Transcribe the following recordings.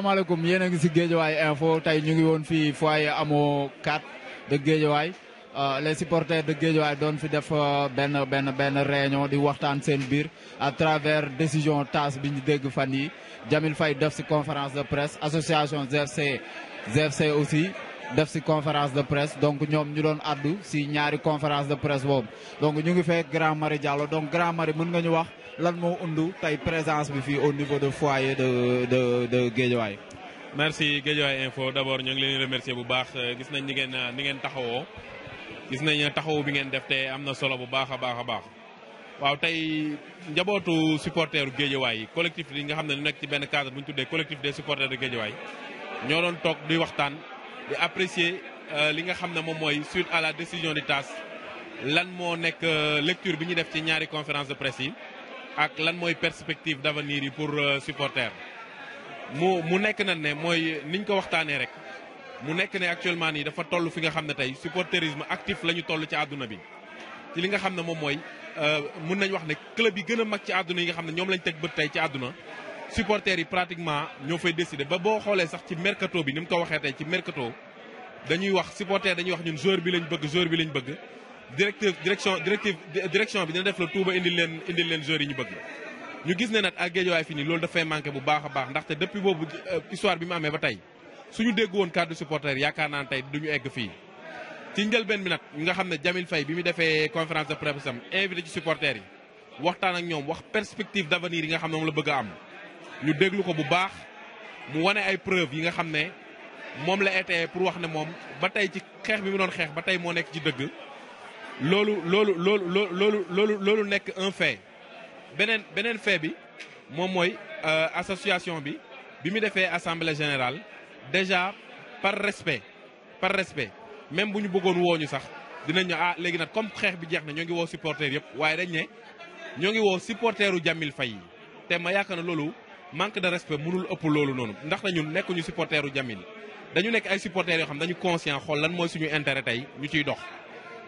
asalaamaaleykum yéen a ngi si info tey ñu ngi woon fii foyer amo 4 de Guédiouaï. Euh, les supporters de Guédiawaye doon fi def euh, benn benn benn réunion di waxtaan seen biir à travers décision TAS bi ñu dégg fan yi Jamil Faye def si conférence de presse association ZFC GFC aussi def si conférence de presse donc ñoom ñu doon addu si ñaari conférence de presse boobu donc ñu ngi fekk Grand Marie Diallo donc Grand Marie mën nga ñu wax lan mo undu tay présence bi fi au niveau de foyer de de de Guédiawaye. merci Guédiawaye info d'abord ñu ngi leen remercier bu baax euh, gis nañ ni ngeen euh, ni ngeen taxawoo gis nañ euh, taxawu bi ngeen def te amna solo bu baax a baax a baax. waaw tey njabootu supporteru Guédiawaye collectif li nga xam ne ñu nekk ci benn cadre bu ñu tuddee collectif des supporters de Guédiawaye ñoo doon toog di waxtaan di apprécier li nga xam ne moom mooy suite à la décision du TAS lan moo nekk lecture bi ñu def ci ñaari conférence de presse yi. ak lan mooy perspective d'avenir yi pour euh, supporter mu mu nekk nañ ne mooy niñ ko waxtaanee rek mu nekk ne actuellement nii dafa toll fi nga xam ne tey supporterisme actif la ñu toll ci àdduna bi ci li nga xam ne moom mooy euh, mun nañ wax ne club yi gën a mag ci àdduna yi nga xam ne ñoom lañ teg bët tey ci àdduna supporters yi pratiquement ñoo fay décider ba boo xoolee sax ci mercato bi ni mu ko waxee tey ci mercato dañuy wax supporter dañuy wax ñun joueur bi lañ bëgg joueur bi lañ bëgg directive direction directive direction bi dina def la Touba indil leen indi leen joueurs yi ñu bëgg ñu gis ne nag ak Guédiawaye fii nii loolu dafay manqué bu baax a baax ndaxte depuis boobu euh, histoire bi mu amee ba tey suñu dégg woon kàddu supporter yaakaar naa tey duñu egg fii. ci njëlbeen bi nag nga xam ne Jamil fay bi mu defee conférence de presse am invité ci supporter yi waxtaan ak ñoom wax perspective d' avenir yi nga xam ne moom la bëgg ñu déglu ko bu baax mu wane ay preuve yi nga xam ne moom la été pour wax ne moom ba tey ci xeex bi mu doon xeex ba tey moo nekk ci dëgg. lolu lolu lolu lolu lolu loolu nek un fait benen benen fait bi moom mooy euh, association bi bi mu assemblée générale déjà par respect par respect même buñu bëggone woñu sax dinañ ñu ah légui nag comme xex bi jeex na ñoo ngi woo supporters yëpp waaye dañ né ñoo ngi woo supporteru Jamil Faye té ma yakana lolu manque de respect mënul ëpp lolu nonu ndax na ñun ñu supporteru Jamil dañu nek ay supporters yo xam dañu conscient xol lan moy suñu intérêt tay ñu ciy dox.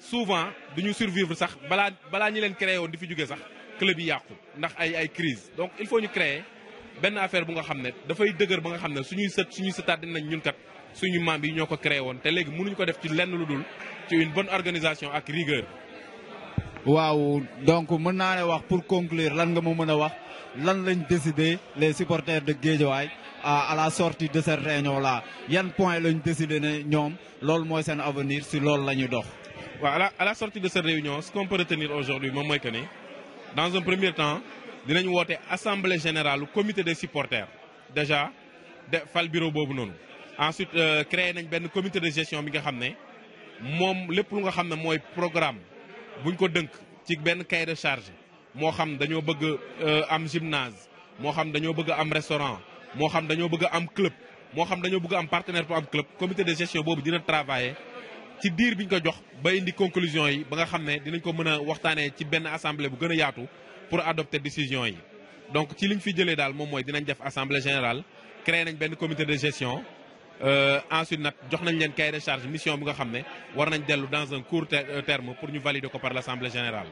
souvent nous survivre sax bala ñi club crise donc il faut ñu créer Ben, affaire bu nga xamné nous fay deuguer ba nga xamné suñuy suñuy ñun kat ko def ci lenn une bonne organisation ak rigueur. waaw donc pour conclure les supporters de à la sortie de cette réunion là quel point avenir ce à la, sortie de cette réunion, ce qu'on peut retenir aujourd'hui, dans un premier temps, nous avons à Assemblée générale, le comité des supporters. Déjà, de le bureau Ensuite, noonu ensuite euh, créer un comité de gestion bi nga xam ne lépp lu nga programme buñ ko dënk ci un cahier de charge nous xam euh, gymnase un restaurant un club un partenaire pour un club Le comité de gestion boobu dina travailler ci diir biñ ko jox ba indi conclusion yi ba nga xam ne dinañ ko mën a waxtaanee ci benn assemblée bu gën a yaatu pour adopter décision yi donc ci liñ fi jëlee daal moom mooy dinañ def assemblée générale créé nañ benn comité de gestion euh, ensuite nag jox nañ leen cahier de charge mission bi nga xam ne war nañ dellu dans un court euh, terme pour ñu valider ko par l' assemblée générale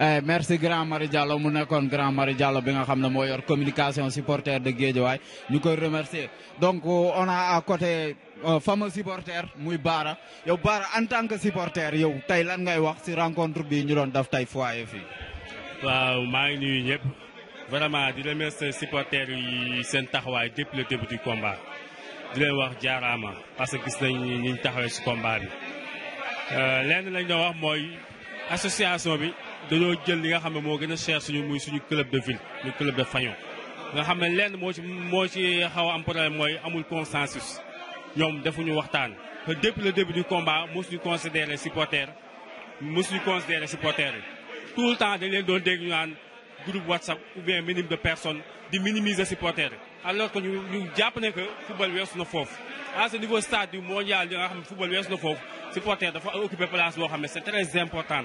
Eh, merci grand Marie Diallo mu nekkoon grand Marie Diallo bi nga xam ne moo yor communication supporter de Guédiawaye ñu koy remercier donc on a à côté euh, fameux supporter muy Baara yow Baara en tant que supporter yow tey lan ngay wax ci rencontre bi ñu doon def tey foyer fii. waaw maa ngi nuyu ñëpp vraiment di remercier supporter yi seen taxawaay depuis le début du di leen wax jaaraama parce que gis nañ ni ñu taxawee ci combat bi euh, lenn lañ doon wax mooy association bi. dañoo jël li nga xam ne moo gën a cher suñu muy suñu club de ville le club de Fayon nga xam ne lenn moo ci moo ci xaw a am problème mooy amul consensus ñoom defuñu waxtaan depuis le début du combat mosuñu considéré supporter mosuñu considéré supporter tout le temps dañ leen doon dégg ñu groupe WhatsApp ou bien minimum de personnes di minimiser supporter alors que ñu ñu jàpp ne que football weesu na foofu à ce niveau stade du mondial li nga xam ne football weesu na foofu supporter dafa occupé place boo xam c'est très important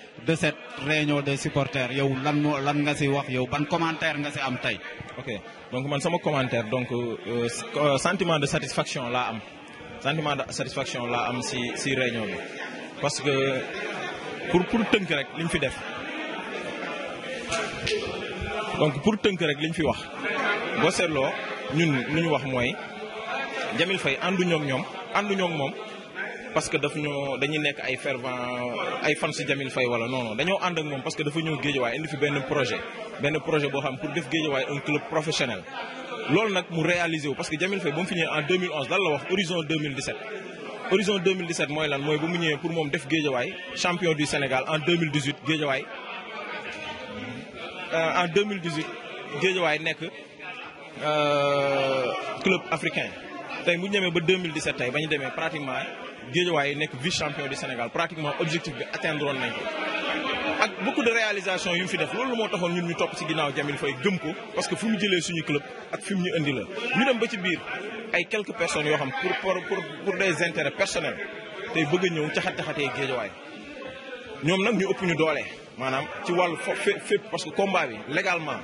de cette réunion des supporters yow lan commentaire donc man commentaire donc sentiment de satisfaction là, sentiment de satisfaction là, am si réunion parce que pour pour rek donc pour teunk rek liñ fi wax ñun Jamil parce que nous sommes dañuy ay fervent ay fans Jamil Faye wala non non dañoo and ak mom parce que dafa ñëw Géejawaay indi fi un projet ben projet bo xam pour def Géejawaay un club professionnel. lool nak mu réaliser parce que Djamil Faye ba mu en 2011 dans la wax horizon 2017 horizon 2017 moy lan moy ba mu ñëwee pour mom def champion du Sénégal en 2018 euh, en 2018 nek un club africain tay bu ñëmé ba 2017 tay ba ñu demee pratiquement Guédiawaye nekk vice champion du Sénégal pratiquement objectif bi atteindre on nañ ko ak beaucoup de réalisation yu fi def loolu mo taxone ñun ñu top ci ginnaaw Jamil Faye gëm ko parce que fu mu jëlé suñu club ak fu mu ñu indi la ñu dem ba ci biir ay quelques personnes yo xam pour pour pour des intérêts personnels tay bëgg a ñëw caxat caxatee Guédiawaye ñom nak ñu ëpp ñu doolé manam ci walu fep parce que combat bi légalement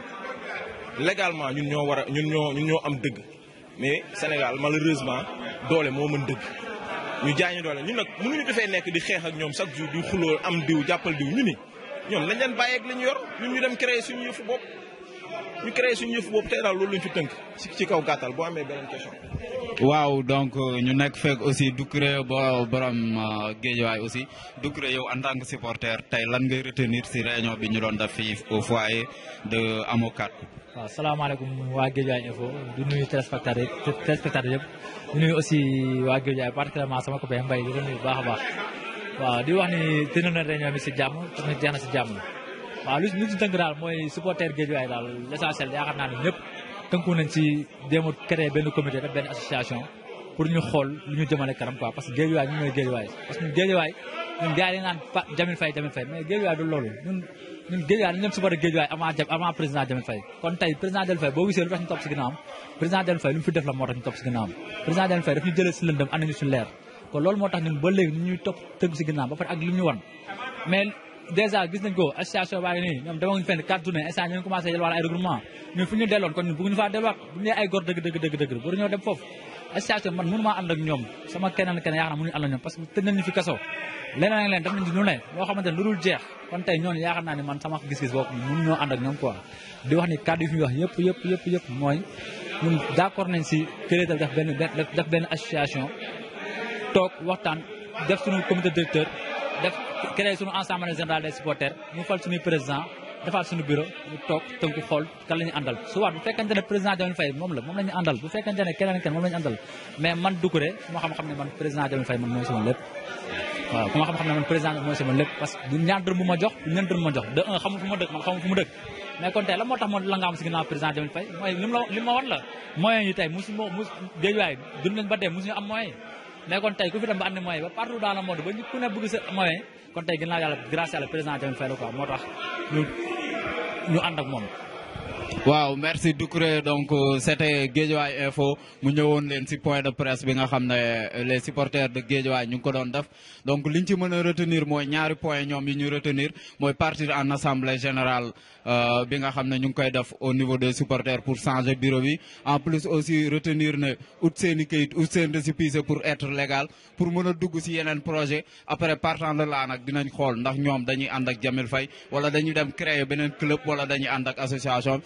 légalement ñun ñoo wara ñun ñoo ñun ñoo am dëgg. mais Sénégal malheureusement doole moo mën dëgg ñu jaañu doole ñu nag mënuñu defee nekk di xeex ak ñoom chaque jour di xuloo am diw jàppal diw ñu ni ñoom lañ leen bàyyeeg li ñu yor ñun ñu dem créer suñu yëfu bopp. ñu créé suñu yëf boobu tey daal loolu lañ ci tënk ci ci kaw gatal bo amé beneen question. waaw donc ñu nek fek aussi du créé bo borom euh, Guédiawaye aussi du créé yow en tant que supporter tay lan ngay retenir ci réunion bi ñu doon daf fi au foyer de Amokat. waaw salaamaaleykum waa Guédiawaye info du nuyu téléspectateur téléspectateur yëpp ñu nuyu aussi waa Guédiawaye particulièrement sama copain Mbaye di ko nuyu baax baax waaw di wax ni tënoon na réunion bi ci jamm te jeex ci jamm waaw lu lu ci tënk daal mooy supporter Guédiawaye daal l'essentiel yaakaar naa ne ñëpp tënku nañ ci jéem a benn comité benn association pour ñu xool lu ñu jëmale kanam quoi parce que Guédiawaye ñun ñooy Guédiawaye parce que ñun Guédiawaye ñun gars yi naan Jamil Faye Jamil Faye mais Guédiawaye du loolu ñun ñun Guédiawaye dañu supporter Guédiawaye avant président Jamil Faye kon tey président Jamil Faye boo gisee lu tax ñu topp si ginnaawam président Jamil Faye def la moo tax ñu topp si ginnaawam président Jamil Faye daf ñu jëlee si lëndëm ànd ñu dèjà gis nañ ko association baa ngi nii ñoom demaguñu fenn quatre tournées instant ñu ngi commencé jël ay regroupement ñun fu ñu delloon kon ñun faa delluwaat bu ñu nee ay góor dëgg dëgg dëgg dëgg ñoo dem foofu association man mënu maa ànd ak ñoom sama keneen keneen yaakaar naa mënuñu ànd ak ñoom parce que tëj nañ ñu fi kaso leneen ak leen def nañ ne loo xamante ne lu dul jeex kon tey ñooñu yaakaar naa ne man sama gis-gis boobu mënu ñoo ànd ak ñoom quoi di wax yëpp yëpp yëpp yëpp mooy ñun d'accord nañ si këréetal def benn def benn association toog waxtaan def suñu comité créé suñu ensemble général des supporters mu fal suñuy président defaat suñu bureau ñu toog tënku xool kan la ñu àndal souvent bu fekkente ne président Diomaye Faye moom la moom la àndal bu fekkente ne keneen kenn moom la àndal mais man Doucouré su ma xam-xam ne man président Diomaye Faye mooy sama lépp waaw ku xam-xam ne man président mooy sama lépp parce que du bu ma jox du ñaan bu ma jox de un xamul fu ma dëkk man xamul fu ma dëkk mais kon tey ku fi dem ba am na ba partout dans le monde ba ñu ku ne bëgg sa moyen kon tey ginnaaw yàlla grâce yàlla président Diomaye Faye la quoi moo tax ñu ñu ànd ak moom waaw merci Doucouré donc euh, c'était Guédiawaye info mu ñëwoon leen ci point de presse bi nga euh, les supporters de Guédiawaye ñu ngi ko doon donc li ñu ci retenir mooy ñaari point ñoom yi ñu retenir mooy partir en assemblée générale euh, bi nga xam ne ñu ngi koy au niveau des supporters pour changer bureau bi en plus aussi retenir ne ut seen i kayit pour être légal pour mën a dugg ci projet après partant de là nag dinañ xool ndax ñoom dañuy ànd ak Jamil Faye wala dañuy dem créer beneen club wala dañuy ànd ak association